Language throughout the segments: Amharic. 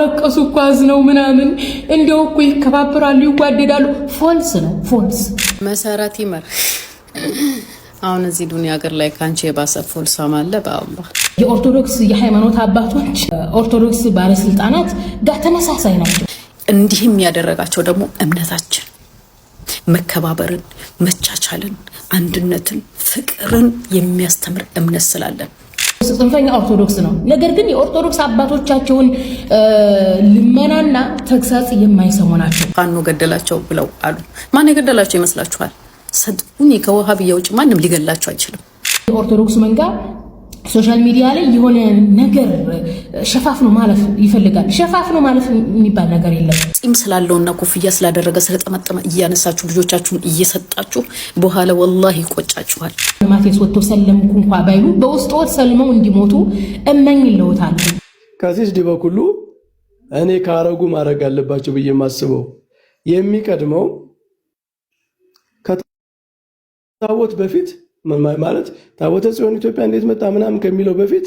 አለቀሱ ኳዝ ነው ምናምን እንደው እኮ ይከባበራሉ፣ ይዋደዳሉ። ፎልስ ነው ፎልስ። መሰረት ይመር አሁን እዚህ ዱኒያ ሀገር ላይ ከአንቺ የባሰ ፎልሳም አለ። በአላህ የኦርቶዶክስ የሃይማኖት አባቶች ኦርቶዶክስ ባለስልጣናት ጋር ተመሳሳይ ናቸው። እንዲህም ያደረጋቸው ደግሞ እምነታችን መከባበርን፣ መቻቻልን፣ አንድነትን፣ ፍቅርን የሚያስተምር እምነት ስላለን ጽንፈኛ ኦርቶዶክስ ነው። ነገር ግን የኦርቶዶክስ አባቶቻቸውን ልመናና ተግሳጽ የማይሰሙ ናቸው። ፋኖ ገደላቸው ብለው አሉ። ማን የገደላቸው ይመስላችኋል? ከውሃ ከወሃብያ ውጭ ማንም ሊገላቸው አይችልም። የኦርቶዶክሱ መንጋ ሶሻል ሚዲያ ላይ የሆነ ነገር ሸፋፍኖ ማለፍ ይፈልጋል። ሸፋፍኖ ማለፍ የሚባል ነገር የለም። ጺም ስላለውና ኮፍያ ስላደረገ ስለጠመጠመ እያነሳችሁ ልጆቻችሁን እየሰጣችሁ በኋላ ወላሂ ይቆጫችኋል። ማቴስ ወጥቶ ሰለምኩ እንኳ ባይሉ በውስጥዎት ሰልመው እንዲሞቱ እመኝ ለውታል። ከዚህ በኩሉ እኔ ካረጉ ማድረግ አለባቸው ብዬ የማስበው የሚቀድመው ከታወት በፊት ማለት ታቦተ ጽዮን ኢትዮጵያ እንዴት መጣ ምናምን ከሚለው በፊት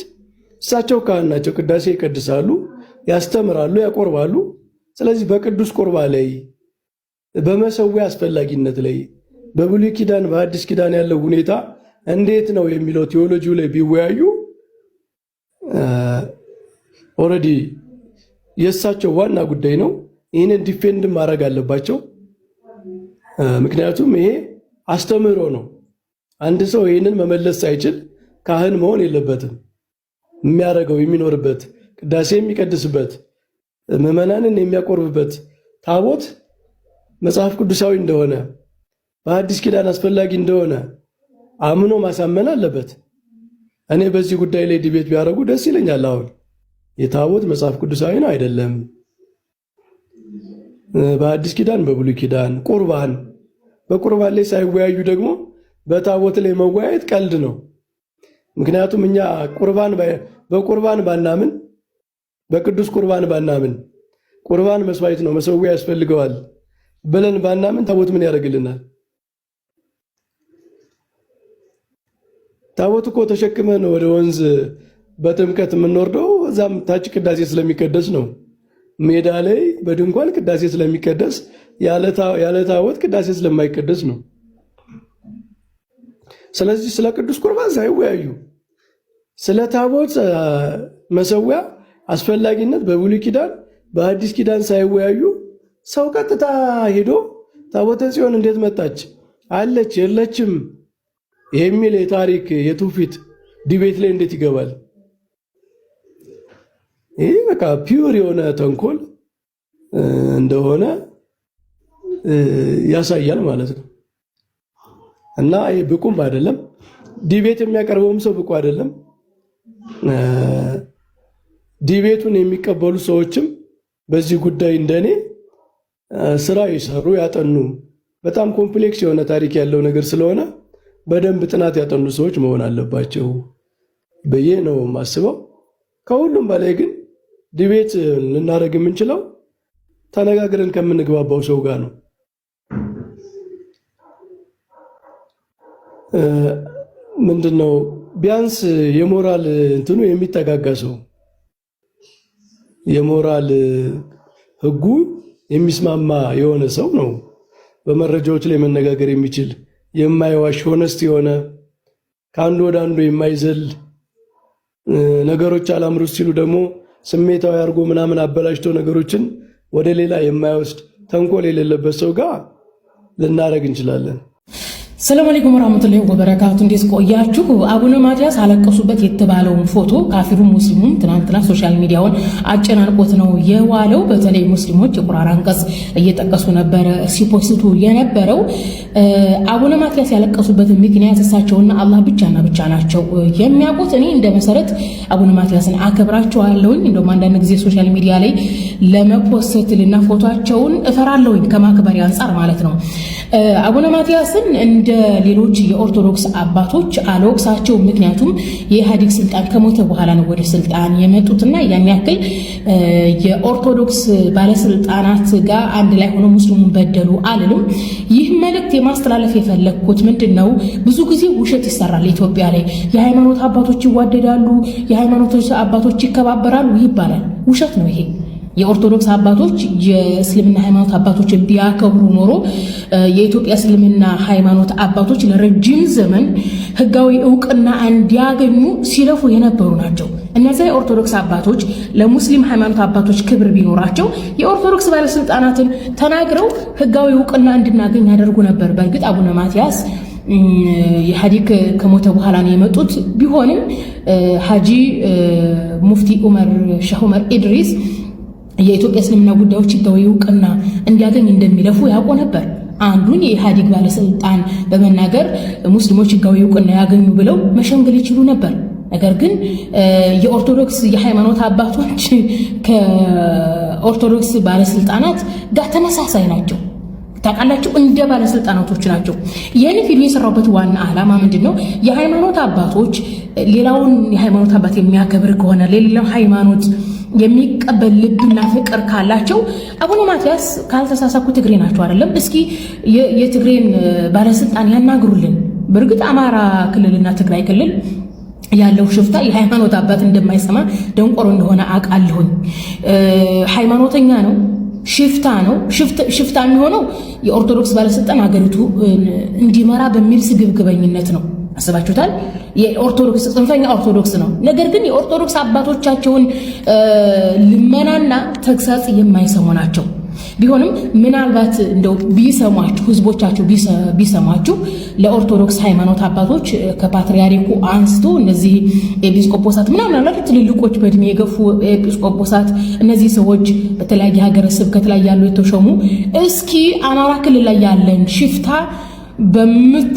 እሳቸው ካህን ናቸው። ቅዳሴ ይቀድሳሉ፣ ያስተምራሉ፣ ያቆርባሉ። ስለዚህ በቅዱስ ቁርባ ላይ በመሰዊያ አስፈላጊነት ላይ በብሉይ ኪዳን በአዲስ ኪዳን ያለው ሁኔታ እንዴት ነው የሚለው ቴዎሎጂው ላይ ቢወያዩ ኦልሬዲ የእሳቸው ዋና ጉዳይ ነው። ይህንን ዲፌንድ ማድረግ አለባቸው። ምክንያቱም ይሄ አስተምህሮ ነው። አንድ ሰው ይህንን መመለስ ሳይችል ካህን መሆን የለበትም። የሚያደርገው የሚኖርበት ቅዳሴ የሚቀድስበት ምዕመናንን የሚያቆርብበት ታቦት መጽሐፍ ቅዱሳዊ እንደሆነ በአዲስ ኪዳን አስፈላጊ እንደሆነ አምኖ ማሳመን አለበት። እኔ በዚህ ጉዳይ ላይ ዲቤት ቢያደርጉ ደስ ይለኛል። አሁን የታቦት መጽሐፍ ቅዱሳዊ ነው አይደለም፣ በአዲስ ኪዳን፣ በብሉይ ኪዳን ቁርባን በቁርባን ላይ ሳይወያዩ ደግሞ በታቦት ላይ መወያየት ቀልድ ነው። ምክንያቱም እኛ ቁርባን በቁርባን ባናምን በቅዱስ ቁርባን ባናምን ቁርባን መስዋዕት ነው፣ መሰዊያ ያስፈልገዋል ብለን ባናምን ታቦት ምን ያደርግልናል? ታቦት እኮ ተሸክመን ወደ ወንዝ በጥምቀት የምንወርደው እዛም ታች ቅዳሴ ስለሚቀደስ ነው። ሜዳ ላይ በድንኳን ቅዳሴ ስለሚቀደስ ያለ ታቦት ቅዳሴ ስለማይቀደስ ነው። ስለዚህ ስለ ቅዱስ ቁርባን ሳይወያዩ ስለ ታቦት መሰዊያ አስፈላጊነት በብሉይ ኪዳን በአዲስ ኪዳን ሳይወያዩ ሰው ቀጥታ ሄዶ ታቦተ ጽዮን እንዴት መጣች አለች የለችም የሚል የታሪክ የትውፊት ዲቤት ላይ እንዴት ይገባል? ይህ በቃ ፒውር የሆነ ተንኮል እንደሆነ ያሳያል ማለት ነው። እና ብቁም አይደለም። ዲቤት የሚያቀርበውም ሰው ብቁ አይደለም። ዲቤቱን የሚቀበሉ ሰዎችም በዚህ ጉዳይ እንደኔ ስራ የሰሩ ያጠኑ፣ በጣም ኮምፕሌክስ የሆነ ታሪክ ያለው ነገር ስለሆነ በደንብ ጥናት ያጠኑ ሰዎች መሆን አለባቸው ብዬ ነው የማስበው። ከሁሉም በላይ ግን ዲቤት ልናደርግ የምንችለው ተነጋግረን ከምንግባባው ሰው ጋር ነው። ምንድን ነው ቢያንስ የሞራል እንትኑ የሚጠጋጋ ሰው የሞራል ህጉ የሚስማማ የሆነ ሰው ነው በመረጃዎች ላይ መነጋገር የሚችል የማይዋሽ ሆነስት የሆነ ከአንዱ ወደ አንዱ የማይዘል ነገሮች አላምሩ ሲሉ ደግሞ ስሜታዊ አድርጎ ምናምን አበላሽቶ ነገሮችን ወደ ሌላ የማይወስድ ተንኮል የሌለበት ሰው ጋር ልናደርግ እንችላለን። ሰላም አለይኩም ወራህመቱላሂ ወበረካቱ። እንዴት ቆያችሁ? አቡነ ማትያስ አለቀሱበት የተባለውን ፎቶ ካፊሩ ሙስሊሙም ትናንትና ሶሻል ሚዲያውን አጨናንቆት ነው የዋለው። በተለይ ሙስሊሞች የቁርአን አንቀጽ እየጠቀሱ ነበረ ሲፖስቱ የነበረው። አቡነ ማትያስ ያለቀሱበትን ምክንያት እሳቸውና አላህ ብቻና ብቻ ናቸው የሚያውቁት። እኔ እንደ መሰረት አቡነ ማትያስን አከብራቸዋለሁኝ። እንደውም አንዳንድ ጊዜ ሶሻል ሚዲያ ላይ ልና ፎቷቸውን እፈራለሁኝ ከማክበሪ አንጻር ማለት ነው አቡነ ማትያስን እንደ ሌሎች የኦርቶዶክስ አባቶች አለወቅሳቸው ምክንያቱም የኢህአዴግ ስልጣን ከሞተ በኋላ ነው ወደ ስልጣን የመጡትና ያን ያክል የኦርቶዶክስ ባለስልጣናት ጋር አንድ ላይ ሆኖ ሙስሊሙን በደሉ አልልም። ይህ መልእክት የማስተላለፍ የፈለግኩት ምንድን ነው፣ ብዙ ጊዜ ውሸት ይሰራል ኢትዮጵያ ላይ። የሃይማኖት አባቶች ይዋደዳሉ፣ የሃይማኖት አባቶች ይከባበራሉ ይባላል። ውሸት ነው ይሄ። የኦርቶዶክስ አባቶች የእስልምና ሃይማኖት አባቶችን ቢያከብሩ ኖሮ የኢትዮጵያ እስልምና ሃይማኖት አባቶች ለረጅም ዘመን ህጋዊ እውቅና እንዲያገኙ ሲለፉ የነበሩ ናቸው። እነዚያ የኦርቶዶክስ አባቶች ለሙስሊም ሃይማኖት አባቶች ክብር ቢኖራቸው የኦርቶዶክስ ባለስልጣናትን ተናግረው ህጋዊ እውቅና እንድናገኝ ያደርጉ ነበር። በእርግጥ አቡነ ማትያስ የሀዲክ ከሞተ በኋላ ነው የመጡት። ቢሆንም ሀጂ ሙፍቲ ዑመር ሸህ ዑመር ኢድሪስ የኢትዮጵያ እስልምና ጉዳዮች ሕጋዊ እውቅና እንዲያገኝ እንደሚለፉ ያውቁ ነበር። አንዱን የኢህአዴግ ባለስልጣን በመናገር ሙስሊሞች ህጋዊ እውቅና ያገኙ ብለው መሸንገል ይችሉ ነበር። ነገር ግን የኦርቶዶክስ የሃይማኖት አባቶች ከኦርቶዶክስ ባለስልጣናት ጋር ተመሳሳይ ናቸው። ታውቃላችሁ፣ እንደ ባለስልጣናቶች ናቸው። ይህን ቪዲዮ የሰራበት ዋና ዓላማ ምንድን ነው? የሃይማኖት አባቶች ሌላውን የሃይማኖት አባት የሚያከብር ከሆነ ለሌላው ሃይማኖት የሚቀበል ልብና ፍቅር ካላቸው አቡነ ማትያስ ካልተሳሳኩ ትግሬ ናቸው አይደለም? እስኪ የትግሬን ባለስልጣን ያናግሩልን። በእርግጥ አማራ ክልልና ትግራይ ክልል ያለው ሽፍታ የሃይማኖት አባት እንደማይሰማ ደንቆሮ እንደሆነ አውቃለሁኝ። ሃይማኖተኛ ነው፣ ሽፍታ ነው። ሽፍታ የሚሆነው የኦርቶዶክስ ባለስልጣን ሀገሪቱ እንዲመራ በሚል ስግብግበኝነት ነው። አስባችሁታል? የኦርቶዶክስ ጽንፈኛ ኦርቶዶክስ ነው። ነገር ግን የኦርቶዶክስ አባቶቻቸውን ልመናና ተግሳጽ የማይሰሙ ናቸው። ቢሆንም ምናልባት እንደው ቢሰማችሁ ህዝቦቻችሁ ቢሰማችሁ ለኦርቶዶክስ ሃይማኖት አባቶች ከፓትርያርኩ አንስቶ እነዚህ ኤጲስቆጶሳት ምናምን አላ ትልልቆች በእድሜ የገፉ ኤጲስቆጶሳት እነዚህ ሰዎች በተለያየ ሀገረ ስብከት ላይ ያሉ የተሾሙ እስኪ አማራ ክልል ላይ ያለን ሽፍታ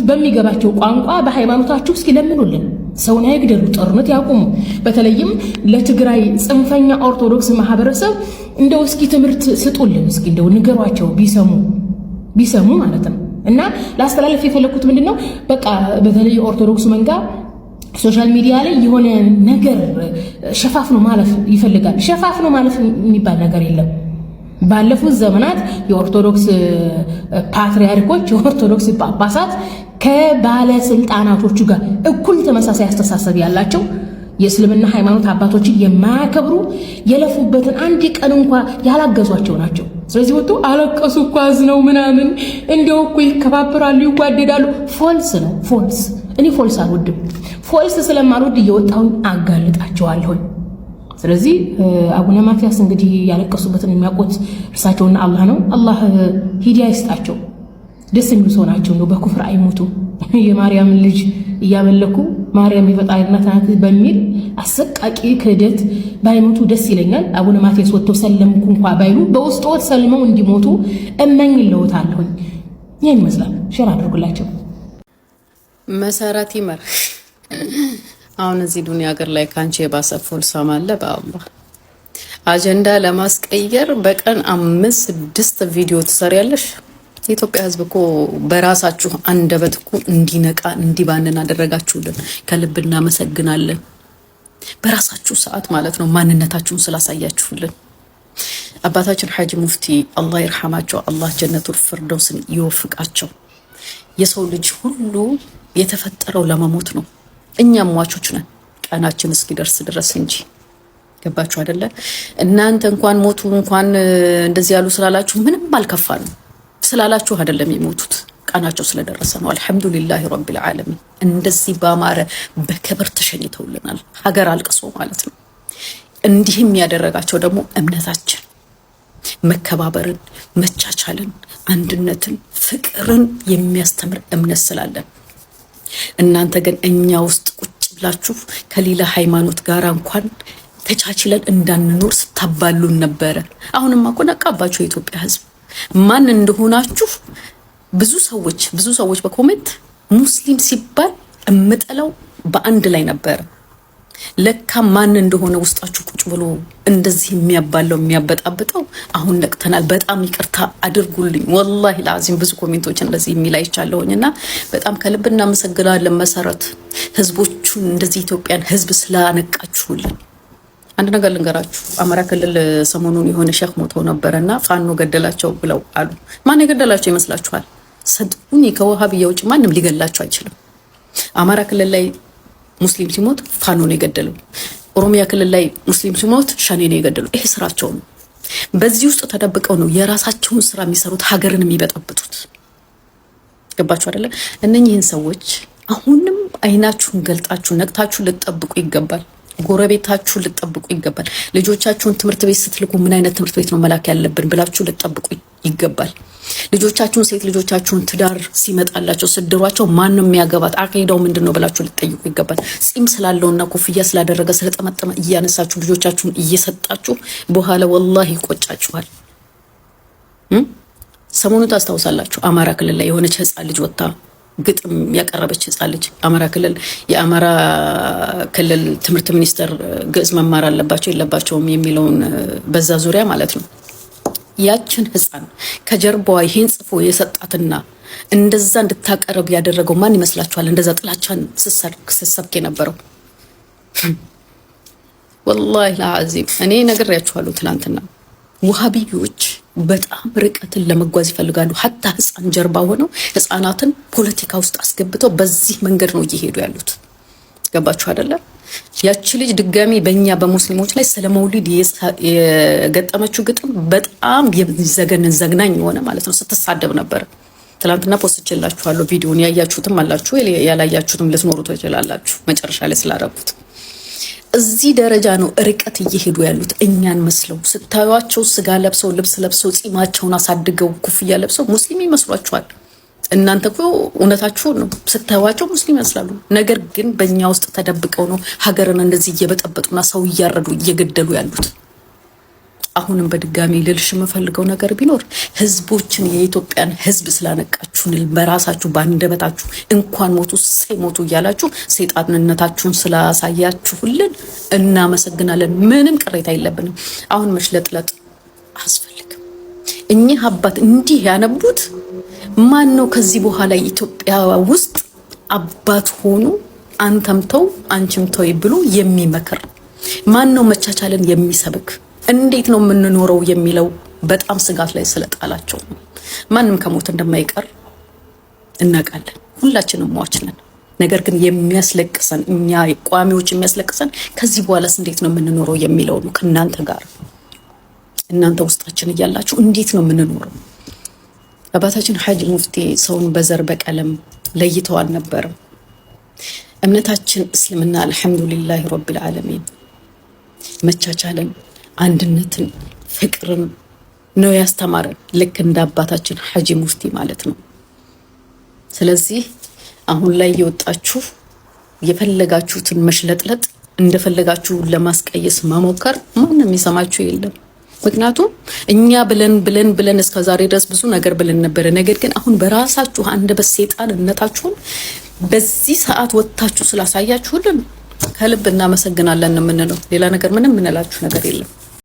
በሚገባቸው ቋንቋ በሃይማኖታችሁ እስኪ ለምኑልን። ሰውን አይግደሉ፣ ጦርነት ያቁሙ። በተለይም ለትግራይ ጽንፈኛ ኦርቶዶክስ ማህበረሰብ እንደው እስኪ ትምህርት ስጡልን፣ እስኪ እንደው ንገሯቸው፣ ቢሰሙ ቢሰሙ ማለት ነው። እና ለአስተላለፍ የፈለግኩት ምንድን ነው፣ በቃ በተለይ ኦርቶዶክሱ መንጋ ሶሻል ሚዲያ ላይ የሆነ ነገር ሸፋፍኖ ማለፍ ይፈልጋል። ሸፋፍኖ ማለፍ የሚባል ነገር የለም። ባለፉት ዘመናት የኦርቶዶክስ ፓትሪያርኮች የኦርቶዶክስ ጳጳሳት ከባለስልጣናቶቹ ጋር እኩል ተመሳሳይ አስተሳሰብ ያላቸው የእስልምና ሃይማኖት አባቶችን የማያከብሩ የለፉበትን አንድ ቀን እንኳ ያላገዟቸው ናቸው። ስለዚህ ወጥቶ አለቀሱ ኳዝ ነው ምናምን እንደው እኮ ይከባበራሉ፣ ይጓደዳሉ። ፎልስ ነው ፎልስ። እኔ ፎልስ አልወድም። ፎልስ ስለማልወድ እየወጣሁኝ አጋልጣቸዋለሁኝ። ስለዚህ አቡነ ማትያስ እንግዲህ ያለቀሱበትን የሚያውቁት እርሳቸውና አላህ ነው። አላህ ሂዲያ ይስጣቸው። ደስ የሚሉ ሰው ናቸው። ነው በኩፍር አይሞቱ። የማርያምን ልጅ እያመለኩ ማርያም የፈጣሪ እናት ናት በሚል አሰቃቂ ክህደት ባይሞቱ ደስ ይለኛል። አቡነ ማትያስ ወጥተው ሰለምኩ እንኳ ባይሉ በውስጥ ወት ሰልመው እንዲሞቱ እመኝ ለወታለሁኝ። ይህን ይመስላል። ሽር አድርጉላቸው። መሰረት ይመር አሁን እዚህ ዱንያ ሀገር ላይ ካንቺ የባሰ ፎልሳም አለ። በአላህ አጀንዳ ለማስቀየር በቀን አምስት ስድስት ቪዲዮ ትሰሪያለሽ። የኢትዮጵያ ሕዝብ እኮ በራሳችሁ አንደበት እኮ እንዲነቃ እንዲባንን አደረጋችሁልን። ከልብ እናመሰግናለን። በራሳችሁ ሰዓት ማለት ነው ማንነታችሁን ስላሳያችሁልን። አባታችን ሐጂ ሙፍቲ አላህ ይርሐማቸው፣ አላህ ጀነቱል ፊርደውስን ይወፍቃቸው። የሰው ልጅ ሁሉ የተፈጠረው ለመሞት ነው። እኛም ሟቾች ነን ቀናችን እስኪደርስ ድረስ እንጂ ገባችሁ አይደለ? እናንተ እንኳን ሞቱ እንኳን እንደዚህ ያሉ ስላላችሁ ምንም አልከፋ ነው ስላላችሁ አይደለም የሞቱት ቀናቸው ስለደረሰ ነው። አልሐምዱሊላህ ረቢል ዓለሚን እንደዚህ በአማረ በክብር ተሸኝተውልናል። ሀገር አልቅሶ ማለት ነው። እንዲህም ያደረጋቸው ደግሞ እምነታችን መከባበርን፣ መቻቻልን፣ አንድነትን፣ ፍቅርን የሚያስተምር እምነት ስላለን እናንተ ግን እኛ ውስጥ ቁጭ ብላችሁ ከሌላ ሃይማኖት ጋር እንኳን ተቻችለን እንዳንኖር ስታባሉን ነበረ። አሁንማ እኮ ነቃባችሁ የኢትዮጵያ ሕዝብ ማን እንደሆናችሁ። ብዙ ሰዎች ብዙ ሰዎች በኮሜንት ሙስሊም ሲባል እምጠላው በአንድ ላይ ነበረ ለካ ማን እንደሆነ ውስጣችሁ ቁጭ ብሎ እንደዚህ የሚያባለው የሚያበጣብጠው አሁን ነቅተናል። በጣም ይቅርታ አድርጉልኝ። ወላሂ ለአዚም ብዙ ኮሜንቶች እንደዚህ የሚል አይቻለሁኝ እና በጣም ከልብ እናመሰግናለን። መሰረት ህዝቦቹን እንደዚህ ኢትዮጵያን ህዝብ ስላነቃችሁልን። አንድ ነገር ልንገራችሁ። አማራ ክልል ሰሞኑን የሆነ ሸክ ሞተው ነበረ እና ፋኖ ገደላቸው ብለው አሉ። ማን የገደላቸው ይመስላችኋል? ሰድቡኒ ከውሃ ውጭ ማንም ሊገላቸው አይችልም። አማራ ክልል ላይ ሙስሊም ሲሞት ፋኖ ነው የገደለው። ኦሮሚያ ክልል ላይ ሙስሊም ሲሞት ሸኔ ነው የገደለው። ይሄ ስራቸው ነው። በዚህ ውስጥ ተደብቀው ነው የራሳቸውን ስራ የሚሰሩት፣ ሀገርን የሚበጠብጡት። ገባችሁ አይደለ? እነኚህን ሰዎች አሁንም አይናችሁን ገልጣችሁ ነቅታችሁ ልትጠብቁ ይገባል። ጎረቤታችሁ ልትጠብቁ ይገባል። ልጆቻችሁን ትምህርት ቤት ስትልኩ ምን አይነት ትምህርት ቤት ነው መላክ ያለብን ብላችሁ ልትጠብቁ ይገባል። ልጆቻችሁን ሴት ልጆቻችሁን ትዳር ሲመጣላቸው ስድሯቸው ነው የሚያገባት አካሄዳው ምንድን ነው ብላችሁ ልጠይቁ ይገባል። ጺም ስላለውና ኮፍያ ስላደረገ ስለጠመጠመ እያነሳችሁ ልጆቻችሁን እየሰጣችሁ በኋላ ወላሂ ይቆጫችኋል። ሰሞኑ ታስታውሳላችሁ፣ አማራ ክልል ላይ የሆነች ህፃን ልጅ ወጥታ ግጥም ያቀረበች ህፃን ልጅ አማራ ክልል የአማራ ክልል ትምህርት ሚኒስቴር ግዕዝ መማር አለባቸው የለባቸውም የሚለውን በዛ ዙሪያ ማለት ነው ያችን ህፃን ከጀርባዋ ይሄን ጽፎ የሰጣትና እንደዛ እንድታቀረብ ያደረገው ማን ይመስላችኋል? እንደዛ ጥላቻን ስሰብክ የነበረው ወላሂ ለአዚም እኔ ነግሬያችኋለሁ። ትናንትና ውሃብዮች በጣም ርቀትን ለመጓዝ ይፈልጋሉ። ሀታ ህፃን ጀርባ ሆነው ህፃናትን ፖለቲካ ውስጥ አስገብተው በዚህ መንገድ ነው እየሄዱ ያሉት። ገባችሁ አይደለም? ያቺ ልጅ ድጋሚ በእኛ በሙስሊሞች ላይ ስለ መውሊድ የገጠመችው ግጥም በጣም የሚዘገንን ዘግናኝ የሆነ ማለት ነው። ስትሳደብ ነበር ትናንትና ፖስት ቪዲዮን ያያችሁትም አላችሁ፣ ያላያችሁትም ልትኖሩ ትችላላችሁ። መጨረሻ ላይ ስላረጉት እዚህ ደረጃ ነው ርቀት እየሄዱ ያሉት እኛን መስለው። ስታዩቸው ስጋ ለብሰው ልብስ ለብሰው ጺማቸውን አሳድገው ኩፍያ ለብሰው ሙስሊም ይመስሏችኋል። እናንተ እኮ እውነታችሁን ነው ስታዩዋቸው ሙስሊም ይመስላሉ። ነገር ግን በእኛ ውስጥ ተደብቀው ነው ሀገርን እንደዚህ እየበጠበጡና ሰው እያረዱ እየገደሉ ያሉት። አሁንም በድጋሚ ልልሽ የምፈልገው ነገር ቢኖር ህዝቦችን የኢትዮጵያን ህዝብ ስላነቃችሁን በራሳችሁ በአንደበታችሁ እንኳን ሞቱ ሳይሞቱ ሞቱ እያላችሁ ሰይጣንነታችሁን ስላሳያችሁልን እናመሰግናለን። ምንም ቅሬታ የለብንም። አሁን መሽለጥለጥ አስፈልግ እኚህ አባት እንዲህ ያነቡት ማን ነው? ከዚህ በኋላ ኢትዮጵያ ውስጥ አባት ሆኖ አንተም ተው አንቺም ተው ብሎ የሚመክር ማን ነው? መቻቻልን የሚሰብክ እንዴት ነው የምንኖረው የሚለው በጣም ስጋት ላይ ስለጣላቸው ማንም ከሞት እንደማይቀር እናውቃለን። ሁላችንም ሟች ነን። ነገር ግን የሚያስለቅሰን እኛ ቋሚዎች የሚያስለቅሰን ከዚህ በኋላስ እንዴት ነው የምንኖረው የሚለው ነው ከእናንተ ጋር እናንተ ውስጣችን እያላችሁ እንዴት ነው የምንኖረው? አባታችን ሀጅ ሙፍቲ ሰውን በዘር በቀለም ለይተው አልነበርም። እምነታችን እስልምና አልሐምዱሊላህ ረቢል ዓለሚን መቻቻልን፣ አንድነትን፣ ፍቅርን ነው ያስተማረን ልክ እንደ አባታችን ሀጂ ሙፍቲ ማለት ነው። ስለዚህ አሁን ላይ የወጣችሁ የፈለጋችሁትን መሽለጥለጥ እንደፈለጋችሁ ለማስቀየስ መሞከር ማንም የሰማችሁ የለም። ምክንያቱም እኛ ብለን ብለን ብለን እስከ ዛሬ ድረስ ብዙ ነገር ብለን ነበረ። ነገር ግን አሁን በራሳችሁ በሴጣን እነታችሁን በዚህ ሰዓት ወጥታችሁ ስላሳያችሁልን ከልብ እናመሰግናለን የምንለው ሌላ ነገር ምንም የምንላችሁ ነገር የለም።